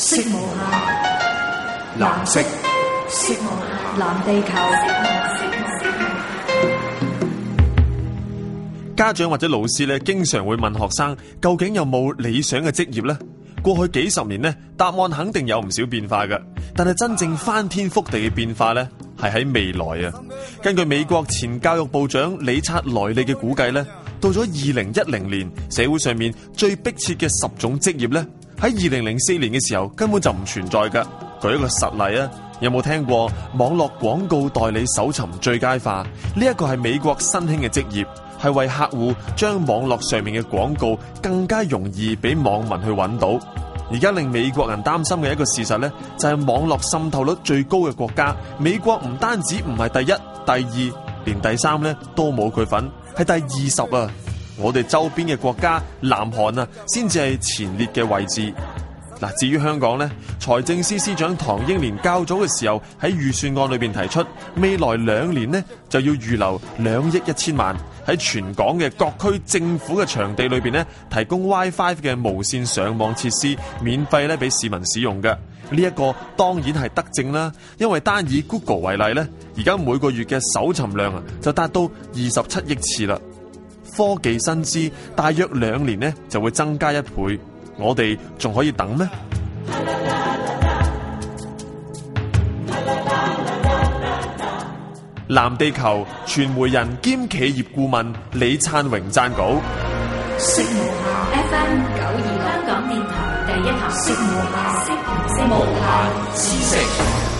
色無限，藍色。色無限，藍地球，藍地球。家長或者老師咧，經常會問學生，究竟有冇理想嘅職業呢？過去幾十年呢，答案肯定有唔少變化嘅。但係真正翻天覆地嘅變化呢，係喺未來啊！根據美國前教育部長理察萊利嘅估計呢，到咗二零一零年，社會上面最迫切嘅十種職業呢。喺二零零四年嘅時候根本就唔存在㗎。舉一個實例啊，有冇聽過網絡廣告代理搜尋最佳化呢？一、呢個係美國新興嘅職業，係為客戶將網絡上面嘅廣告更加容易俾網民去揾到。而家令美國人擔心嘅一個事實呢，就係、是、網絡滲透率最高嘅國家美國唔單止唔係第一、第二，連第三呢都冇佢份，係第二十啊。我哋周邊嘅國家，南韓啊，先至係前列嘅位置。嗱，至於香港咧，財政司司長唐英年較早嘅時候喺預算案裏邊提出，未來兩年咧就要預留兩億一千萬喺全港嘅各區政府嘅場地裏邊咧提供 WiFi 嘅無綫上網設施，免費咧俾市民使用嘅。呢、這、一個當然係德政啦，因為單以 Google 為例咧，而家每個月嘅搜尋量啊，就達到二十七億次啦。科技薪資大約兩年呢，就會增加一倍，我哋仲可以等咩？藍地球傳媒人兼企業顧問李燦榮撰稿。識無限 FM 九二香港電台第一台識無限識無限知識。